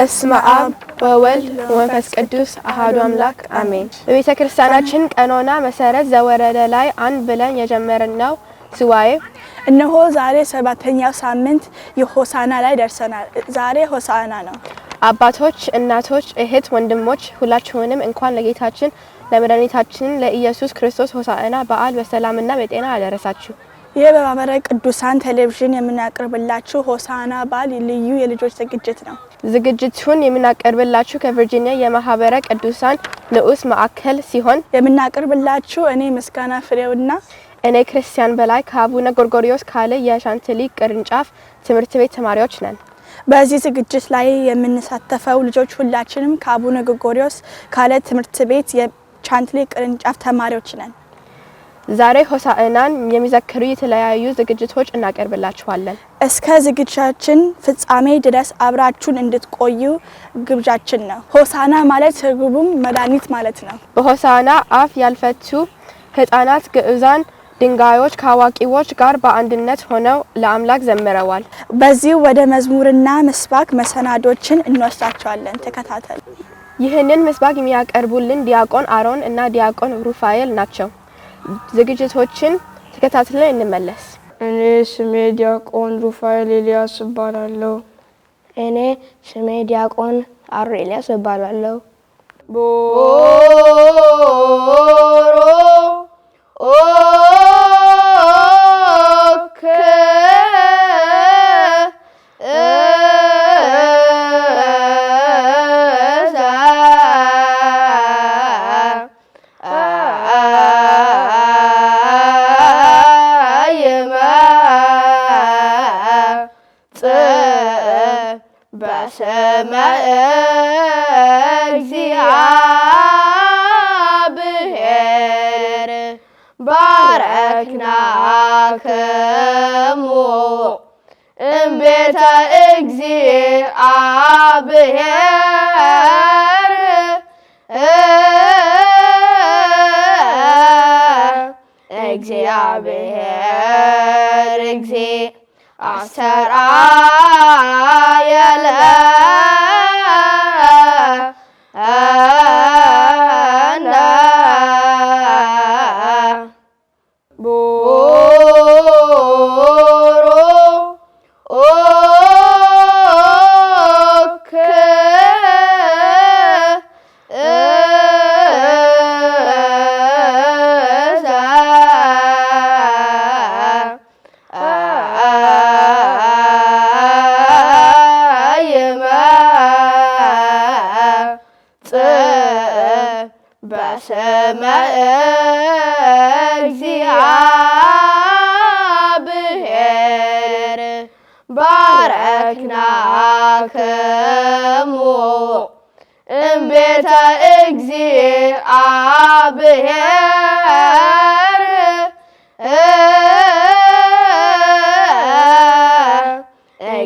በስመ አብ ወወልድ ወመንፈስ ቅዱስ አሐዱ አምላክ አሜን። በቤተ ክርስቲያናችን ቀኖና መሰረት ዘወረደ ላይ አንድ ብለን የጀመርነው ስዋዬ እነሆ ዛሬ ሰባተኛው ሳምንት የሆሳና ላይ ደርሰናል። ዛሬ ሆሳና ነው። አባቶች፣ እናቶች፣ እህት፣ ወንድሞች ሁላችሁንም እንኳን ለጌታችን ለመድኃኒታችን ለኢየሱስ ክርስቶስ ሆሳዕና በዓል በሰላምና በጤና አደረሳችሁ። የበማመረ ቅዱሳን ቴሌቪዥን የምናቀርብላችሁ ሆሳና በዓል ልዩ የልጆች ዝግጅት ነው። ዝግጅቱን የምናቀርብላችሁ ከቨርጂኒያ የማህበረ ቅዱሳን ንዑስ ማዕከል ሲሆን የምናቀርብላችሁ እኔ ምስጋና ፍሬውና እኔ ክርስቲያን በላይ ከአቡነ ጎርጎሪዎስ ካለ የሻንትሊ ቅርንጫፍ ትምህርት ቤት ተማሪዎች ነን። በዚህ ዝግጅት ላይ የምንሳተፈው ልጆች ሁላችንም ከአቡነ ጎርጎሪዎስ ካለ ትምህርት ቤት የቻንትሊ ቅርንጫፍ ተማሪዎች ነን። ዛሬ ሆሳዕናን የሚዘክሩ የተለያዩ ዝግጅቶች እናቀርብላችኋለን። እስከ ዝግጅታችን ፍጻሜ ድረስ አብራችሁን እንድትቆዩ ግብዣችን ነው። ሆሳዕና ማለት ትርጉሙም መድኃኒት ማለት ነው። በሆሳዕና አፍ ያልፈቱ ህጻናት ግዑዛን ድንጋዮች ከአዋቂዎች ጋር በአንድነት ሆነው ለአምላክ ዘምረዋል። በዚሁ ወደ መዝሙርና ምስባክ መሰናዶችን እንወስዳቸዋለን። ተከታተሉ። ይህንን ምስባክ የሚያቀርቡልን ዲያቆን አሮን እና ዲያቆን ሩፋኤል ናቸው። ዝግጅቶችን ተከታትለን እንመለስ። እኔ ስሜ ዲያቆን ሩፋኤል ኤልያስ እባላለሁ። እኔ ስሜ ዲያቆን አሩ ኤልያስ እባላለሁ። ቦሮ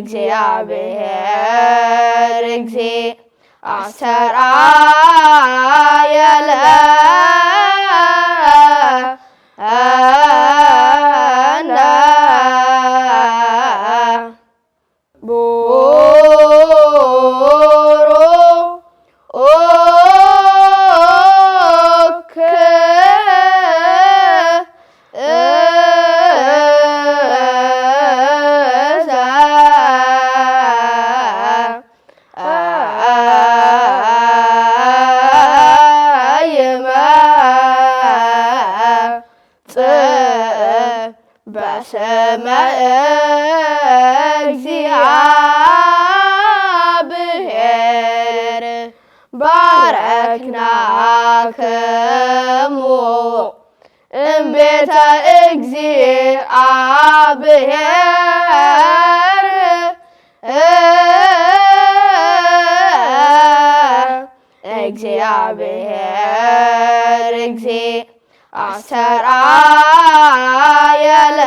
እግዚአብሔር እግዚ አሰራ የለ ባረክናክሙ እምቤተ እግዚአብሔር እግዚአብሔር እግዚ አሰራ የለ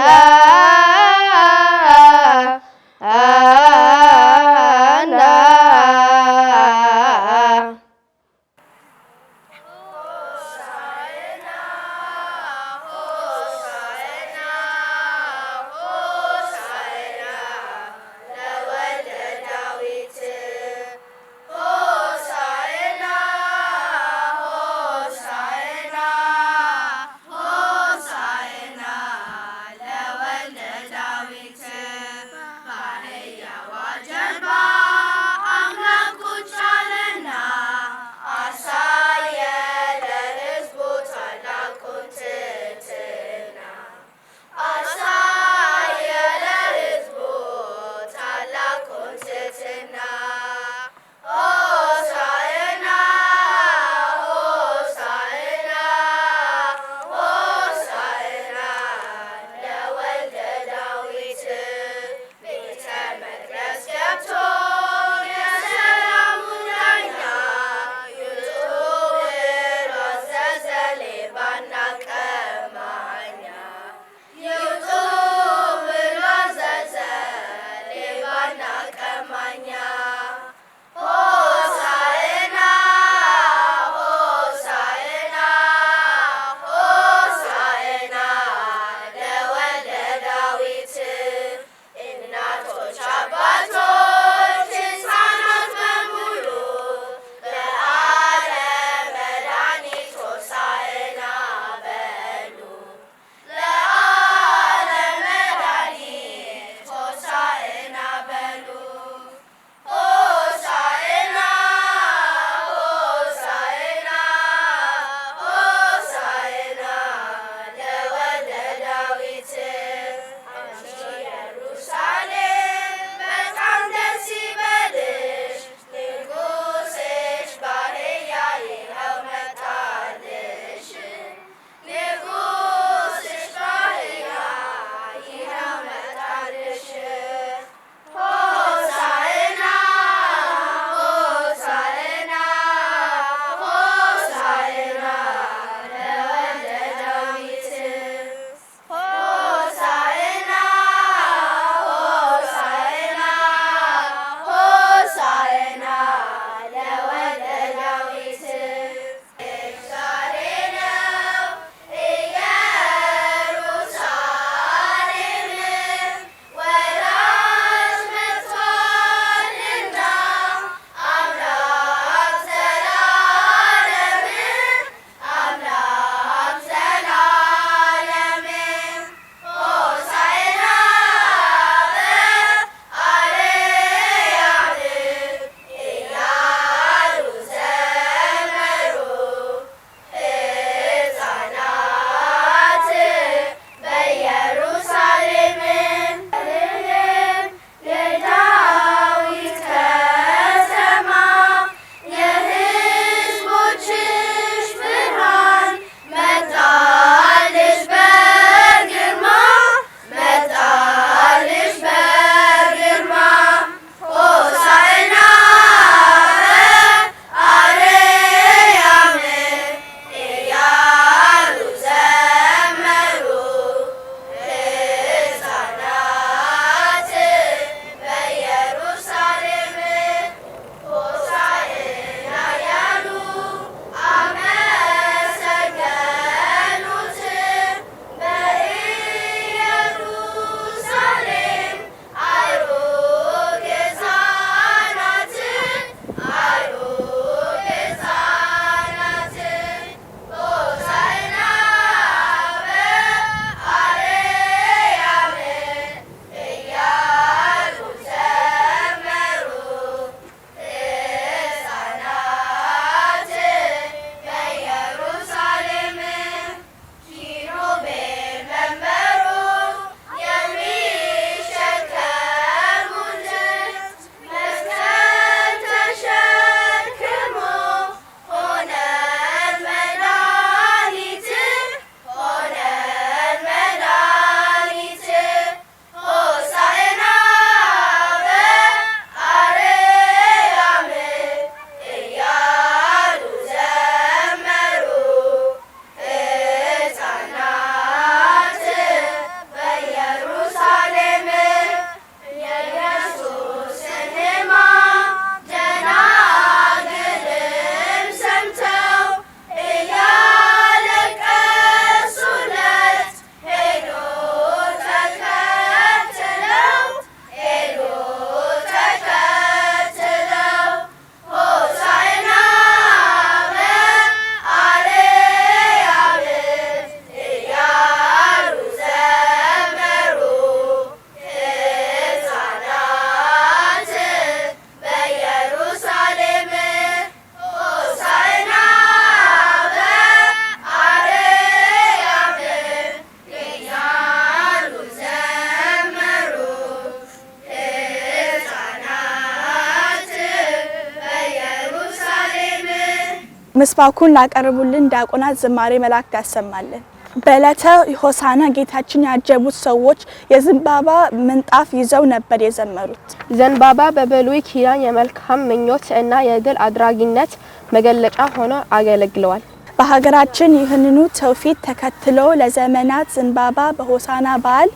ምስባኩን ላቀርቡልን ዲያቆናት ዝማሬ መላእክት ያሰማልን። በዕለተ ሆሳዕና ጌታችን ያጀቡት ሰዎች የዘንባባ ምንጣፍ ይዘው ነበር የዘመሩት። ዘንባባ በብሉይ ኪዳን የመልካም ምኞት እና የድል አድራጊነት መገለጫ ሆኖ አገለግለዋል። በሀገራችን ይህንኑ ትውፊት ተከትሎ ለዘመናት ዘንባባ በሆሳና በዓል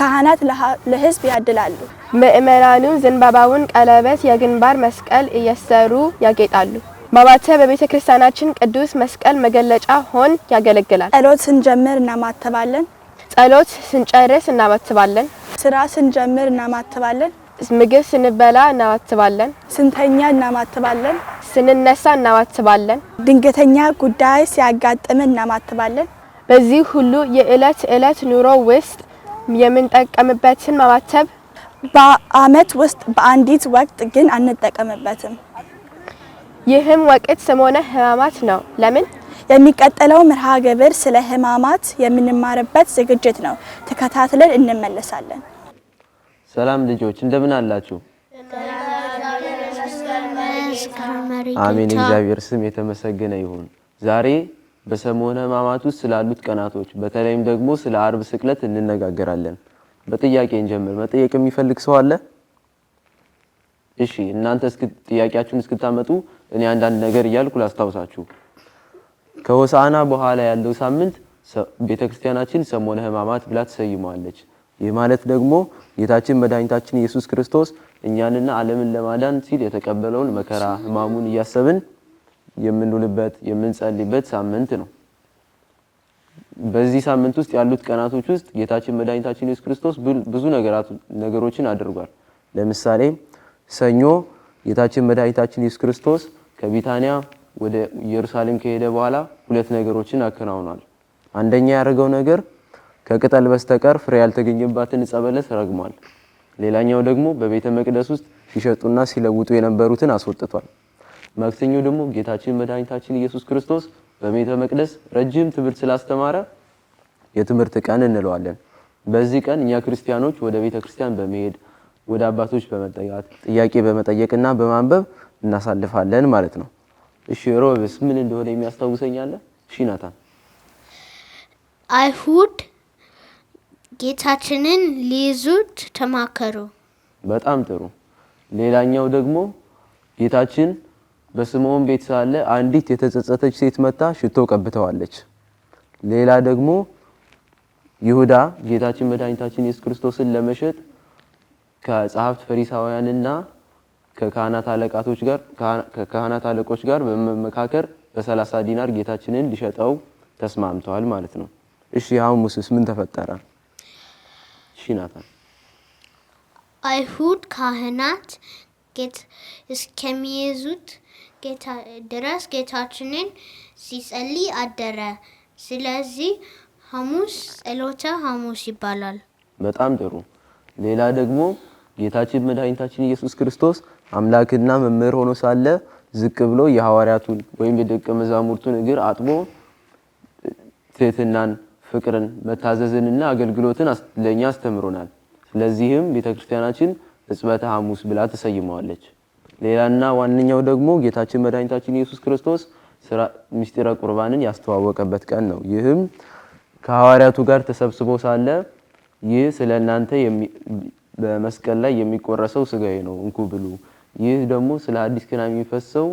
ካህናት ለሕዝብ ያድላሉ። ምእመናኑም ዘንባባውን ቀለበት፣ የግንባር መስቀል እየሰሩ ያጌጣሉ። ማባተ በቤተ ክርስቲያናችን ቅዱስ መስቀል መገለጫ ሆን ያገለግላል። ጸሎት ስንጀምር እናማተባለን። ጸሎት ስንጨርስ እናማትባለን። ስራ ስንጀምር እናማትባለን። ምግብ ስንበላ እናማትባለን። ስንተኛ እናማትባለን። ስንነሳ እናማትባለን። ድንገተኛ ጉዳይ ሲያጋጥም እናማትባለን። በዚህ ሁሉ የዕለት ዕለት ኑሮ ውስጥ የምንጠቀምበትን ማማተብ በአመት ውስጥ በአንዲት ወቅት ግን አንጠቀምበትም። ይህም ወቅት ሰሙነ ህማማት ነው። ለምን? የሚቀጥለው መርሃ ግብር ስለ ህማማት የምንማርበት ዝግጅት ነው። ተከታትለን እንመለሳለን። ሰላም ልጆች እንደምን አላችሁ? አሜን። እግዚአብሔር ስም የተመሰገነ ይሁን። ዛሬ በሰሙነ ሕማማት ውስጥ ስላሉት ቀናቶች በተለይም ደግሞ ስለ አርብ ስቅለት እንነጋገራለን። በጥያቄ እንጀምር። መጠየቅ የሚፈልግ ሰው አለ? እሺ እናንተ ጥያቄያችሁን እስክታመጡ እኔ አንዳንድ ነገር እያልኩ ላስታውሳችሁ። ከሆሳአና በኋላ ያለው ሳምንት ቤተክርስቲያናችን ሰሞነ ሕማማት ብላ ትሰይመዋለች። ይህ ማለት ደግሞ ጌታችን መድኃኒታችን ኢየሱስ ክርስቶስ እኛንና ዓለምን ለማዳን ሲል የተቀበለውን መከራ ሕማሙን እያሰብን የምንውልበት የምንጸልይበት ሳምንት ነው። በዚህ ሳምንት ውስጥ ያሉት ቀናቶች ውስጥ ጌታችን መድኃኒታችን ኢየሱስ ክርስቶስ ብዙ ነገሮችን አድርጓል። ለምሳሌ ሰኞ ጌታችን መድኃኒታችን ኢየሱስ ክርስቶስ ከቢታንያ ወደ ኢየሩሳሌም ከሄደ በኋላ ሁለት ነገሮችን አከናውኗል። አንደኛ ያደረገው ነገር ከቅጠል በስተቀር ፍሬ ያልተገኘባትን ዕፀ በለስ ረግሟል። ሌላኛው ደግሞ በቤተ መቅደስ ውስጥ ሲሸጡና ሲለውጡ የነበሩትን አስወጥቷል። ማክሰኞ ደግሞ ጌታችን መድኃኒታችን ኢየሱስ ክርስቶስ በቤተ መቅደስ ረጅም ትምህርት ስላስተማረ የትምህርት ቀን እንለዋለን። በዚህ ቀን እኛ ክርስቲያኖች ወደ ቤተ ክርስቲያን በመሄድ ወደ አባቶች በመጠጋት ጥያቄ በመጠየቅና በማንበብ እናሳልፋለን ማለት ነው። እሺ ሮብስ ምን እንደሆነ የሚያስታውሰኝ አለ? እሺ ናታን። አይሁድ ጌታችንን ሊይዙት ተማከሩ። በጣም ጥሩ። ሌላኛው ደግሞ ጌታችን በስምዖን ቤት ሳለ አንዲት የተጸጸተች ሴት መታ ሽቶ ቀብተዋለች። ሌላ ደግሞ ይሁዳ ጌታችን መድኃኒታችን ኢየሱስ ክርስቶስን ለመሸጥ ከጸሐፍት ፈሪሳውያንና ከካህናት አለቃቶች ጋር ከካህናት አለቆች ጋር በመመካከር በሰላሳ ዲናር ጌታችንን ሊሸጠው ተስማምተዋል ማለት ነው። እሺ ሐሙስስ ምን ተፈጠረ? እሺ ናታን፣ አይሁድ ካህናት እስከሚይዙት ድረስ ጌታችንን ሲጸልይ አደረ። ስለዚህ ሐሙስ ጸሎተ ሐሙስ ይባላል። በጣም ጥሩ። ሌላ ደግሞ ጌታችን መድኃኒታችን ኢየሱስ ክርስቶስ አምላክና መምህር ሆኖ ሳለ ዝቅ ብሎ የሐዋርያቱን ወይም የደቀ መዛሙርቱን እግር አጥቦ ትህትናን፣ ፍቅርን፣ መታዘዝንና አገልግሎትን ለእኛ አስተምሮናል። ስለዚህም ቤተክርስቲያናችን ሕጽበተ ሐሙስ ብላ ተሰይመዋለች። ሌላና ዋነኛው ደግሞ ጌታችን መድኃኒታችን ኢየሱስ ክርስቶስ ምስጢረ ቁርባንን ያስተዋወቀበት ቀን ነው። ይህም ከሐዋርያቱ ጋር ተሰብስቦ ሳለ ይህ ስለ እናንተ በመስቀል ላይ የሚቆረሰው ስጋዬ ነው እንኩ ብሉ፣ ይህ ደግሞ ስለ አዲስ ኪዳን የሚፈሰው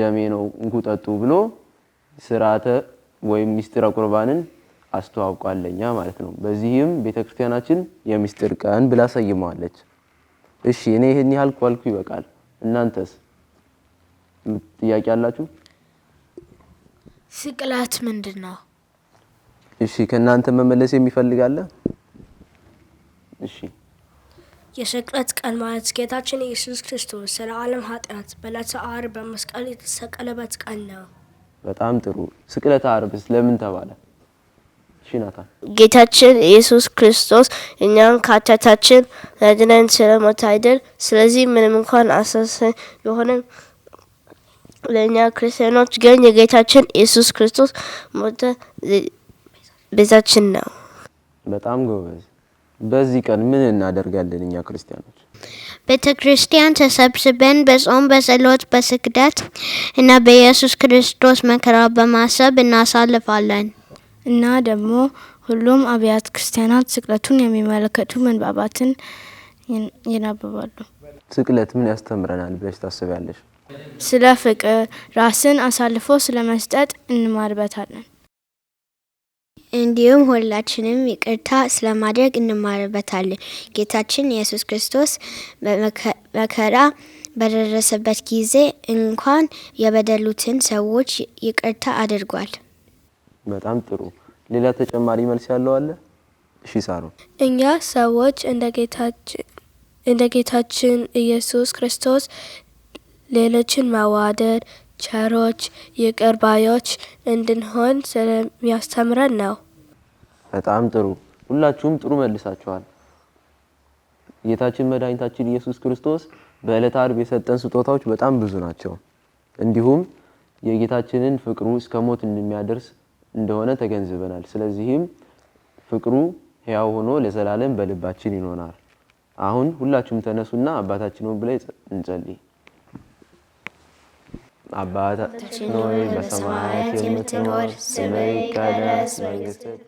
ደሜ ነው እንኩ ጠጡ ብሎ ስርዓተ ወይም ሚስጥረ ቁርባንን አስተዋውቋለኛ ማለት ነው። በዚህም ቤተክርስቲያናችን የሚስጥር ቀን ብላ ሰይመዋለች። እሺ እኔ ይህን ያህል ኳልኩ ይበቃል። እናንተስ ጥያቄ አላችሁ? ስቅላት ምንድን ነው? እሺ ከእናንተ መመለስ የሚፈልጋለ? እሺ የስቅለት ቀን ማለት ጌታችን ኢየሱስ ክርስቶስ ስለ ዓለም ኃጢአት በዕለተ ዓርብ በመስቀል የተሰቀለበት ቀን ነው። በጣም ጥሩ። ስቅለት ዓርብስ ለምን ተባለ? ጌታችን ኢየሱስ ክርስቶስ እኛን ከኃጢአታችን ያድነን ስለሞተ አይደል? ስለዚህ ምንም እንኳን አሳዛኝ ቢሆንም ለእኛ ክርስቲያኖች ግን የጌታችን ኢየሱስ ክርስቶስ ሞተ ቤዛችን ነው። በጣም ጎበዝ በዚህ ቀን ምን እናደርጋለን እኛ ክርስቲያኖች? ቤተ ክርስቲያን ተሰብስበን በጾም በጸሎት በስግደት እና በኢየሱስ ክርስቶስ መከራ በማሰብ እናሳልፋለን እና ደግሞ ሁሉም አብያተ ክርስቲያናት ስቅለቱን የሚመለከቱ ምንባባትን ይናብባሉ። ስቅለት ምን ያስተምረናል ብለሽ ታስቢያለሽ? ስለ ፍቅር፣ ራስን አሳልፎ ስለ መስጠት እንማርበታለን። እንዲሁም ሁላችንም ይቅርታ ስለማድረግ እንማርበታለን። ጌታችን ኢየሱስ ክርስቶስ መከራ በደረሰበት ጊዜ እንኳን የበደሉትን ሰዎች ይቅርታ አድርጓል። በጣም ጥሩ። ሌላ ተጨማሪ መልስ ያለው አለ? እሺ ሳሩ። እኛ ሰዎች እንደ ጌታችን ኢየሱስ ክርስቶስ ሌሎችን ማዋደድ ቸሮች፣ ይቅር ባዮች እንድንሆን ስለሚያስተምረን ነው። በጣም ጥሩ። ሁላችሁም ጥሩ መልሳችኋል። ጌታችን መድኃኒታችን ኢየሱስ ክርስቶስ በዕለተ ዓርብ የሰጠን ስጦታዎች በጣም ብዙ ናቸው። እንዲሁም የጌታችንን ፍቅሩ እስከ ሞት እንደሚያደርስ እንደሆነ ተገንዝበናል። ስለዚህም ፍቅሩ ሕያው ሆኖ ለዘላለም በልባችን ይኖራል። አሁን ሁላችሁም ተነሱና አባታችን ሆይ ብለን እንጸልይ። አባታችን ሆይ በሰማያት የምትኖር ስምህ ይቀደስ መንግስትህ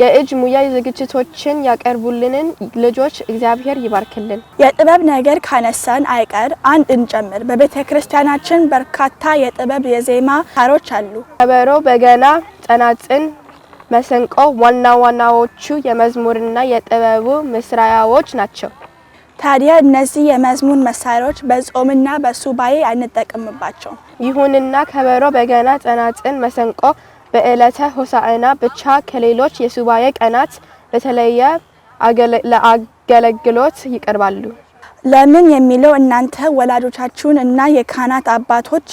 የእጅ ሙያ ዝግጅቶችን ያቀርቡልንን ልጆች እግዚአብሔር ይባርክልን። የጥበብ ነገር ካነሳን አይቀር አንድ እንጨምር። በቤተ ክርስቲያናችን በርካታ የጥበብ የዜማ ታሮች አሉ። ከበሮ፣ በገና፣ ጸናጽን፣ መሰንቆ ዋና ዋናዎቹ የመዝሙርና የጥበቡ ምስራያዎች ናቸው። ታዲያ እነዚህ የመዝሙር መሳሪያዎች በጾምና በሱባኤ አንጠቀምባቸው። ይሁንና ከበሮ፣ በገና፣ ጸናጽን፣ መሰንቆ በዕለተ ሆሳዕና ብቻ ከሌሎች የሱባኤ ቀናት በተለየ ለአገለግሎት ይቀርባሉ። ለምን የሚለው እናንተ ወላጆቻችሁን እና የካህናት አባቶች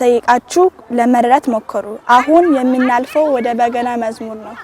ጠይቃችሁ ለመረዳት ሞከሩ? አሁን የምናልፈው ወደ በገና መዝሙር ነው።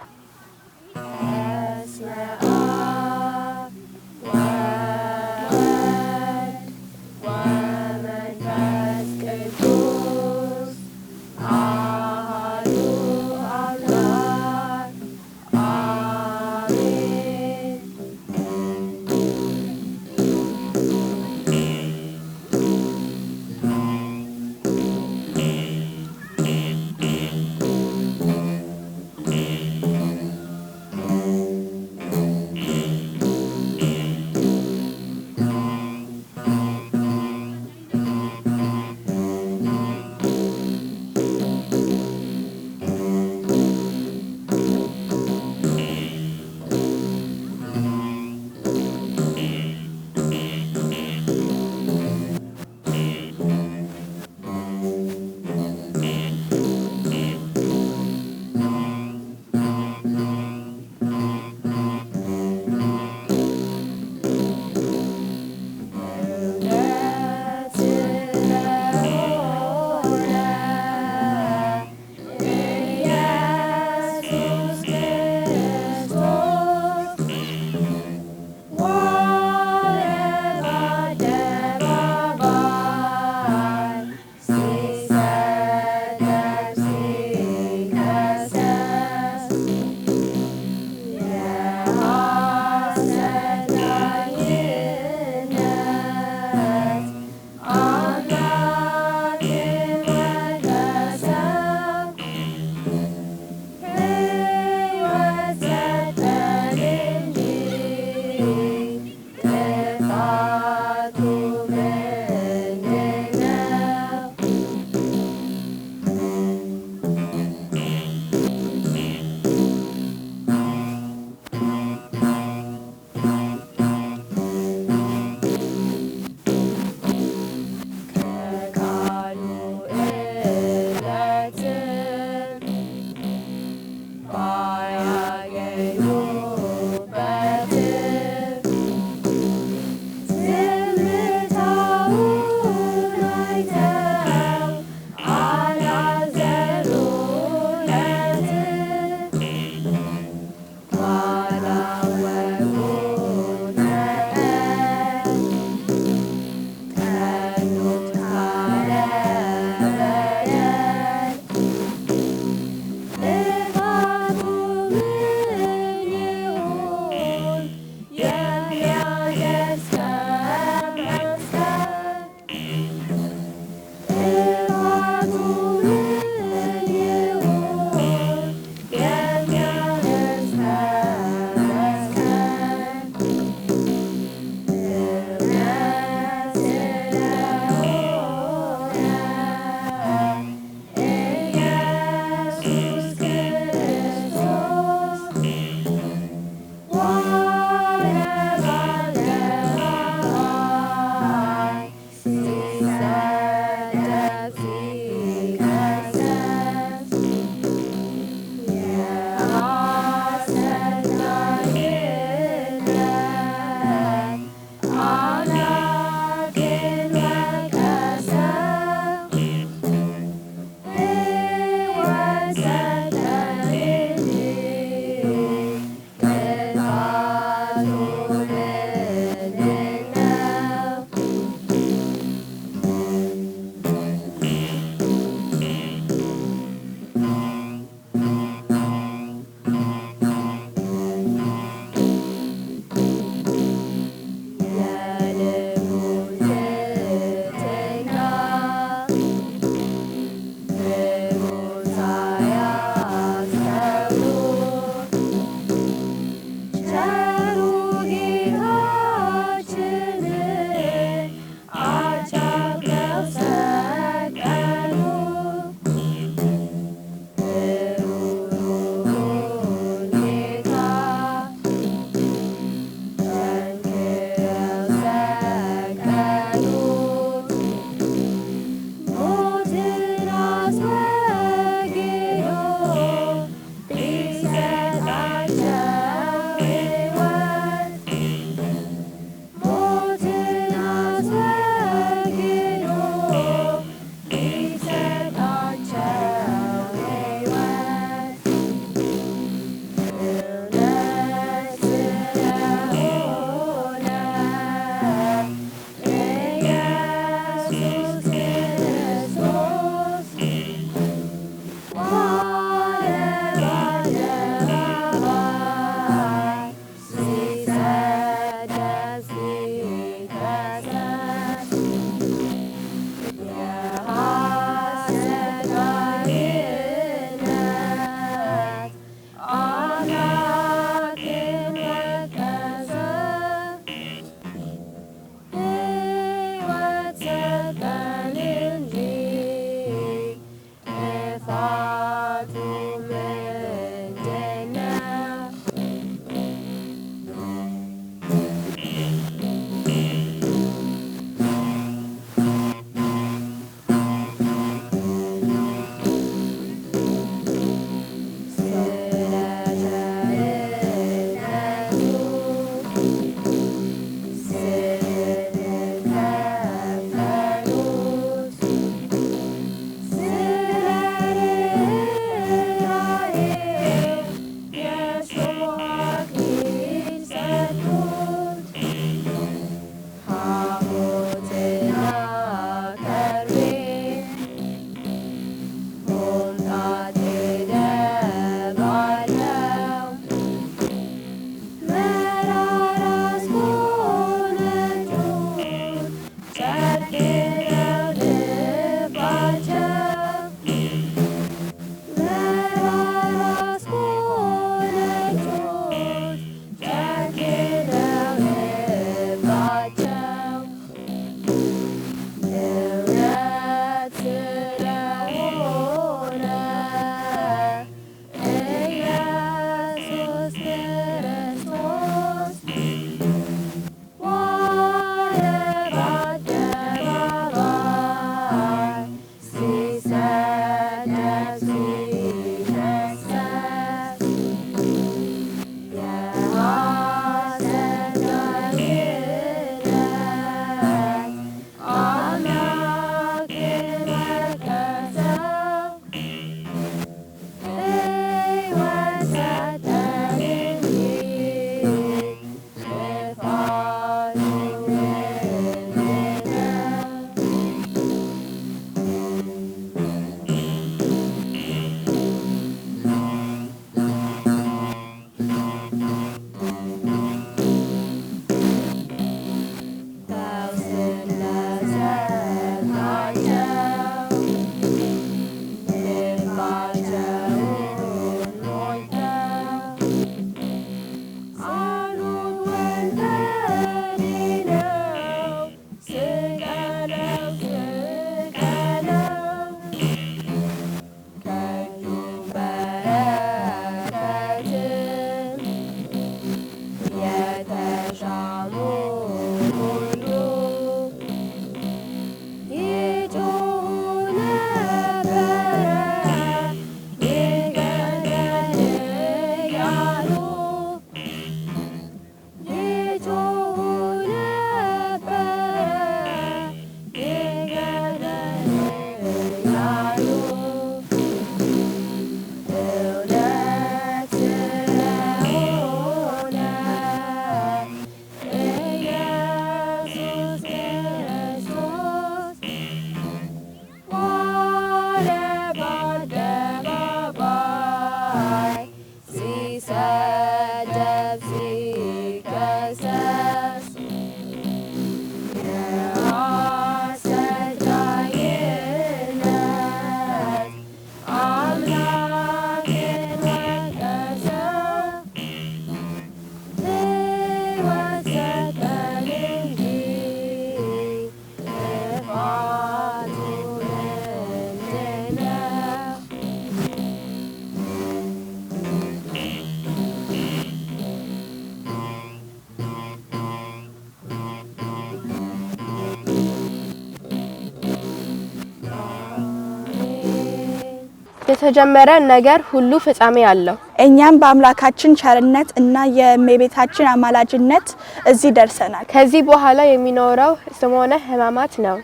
የተጀመረ ነገር ሁሉ ፍጻሜ አለው። እኛም በአምላካችን ቸርነት እና የእመቤታችን አማላጅነት እዚህ ደርሰናል። ከዚህ በኋላ የሚኖረው ስሞነ ሕማማት ነው።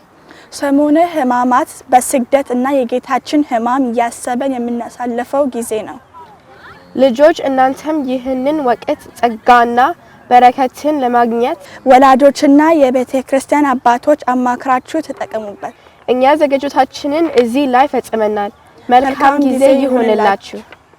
ሰሞነ ሕማማት በስግደት እና የጌታችን ሕማም እያሰበን የምናሳልፈው ጊዜ ነው። ልጆች እናንተም ይህንን ወቅት ጸጋና በረከትን ለማግኘት ወላጆችና የቤተ ክርስቲያን አባቶች አማክራችሁ ተጠቀሙበት። እኛ ዝግጅታችንን እዚህ ላይ ፈጽመናል። መልካም ጊዜ ይሁንላችሁ።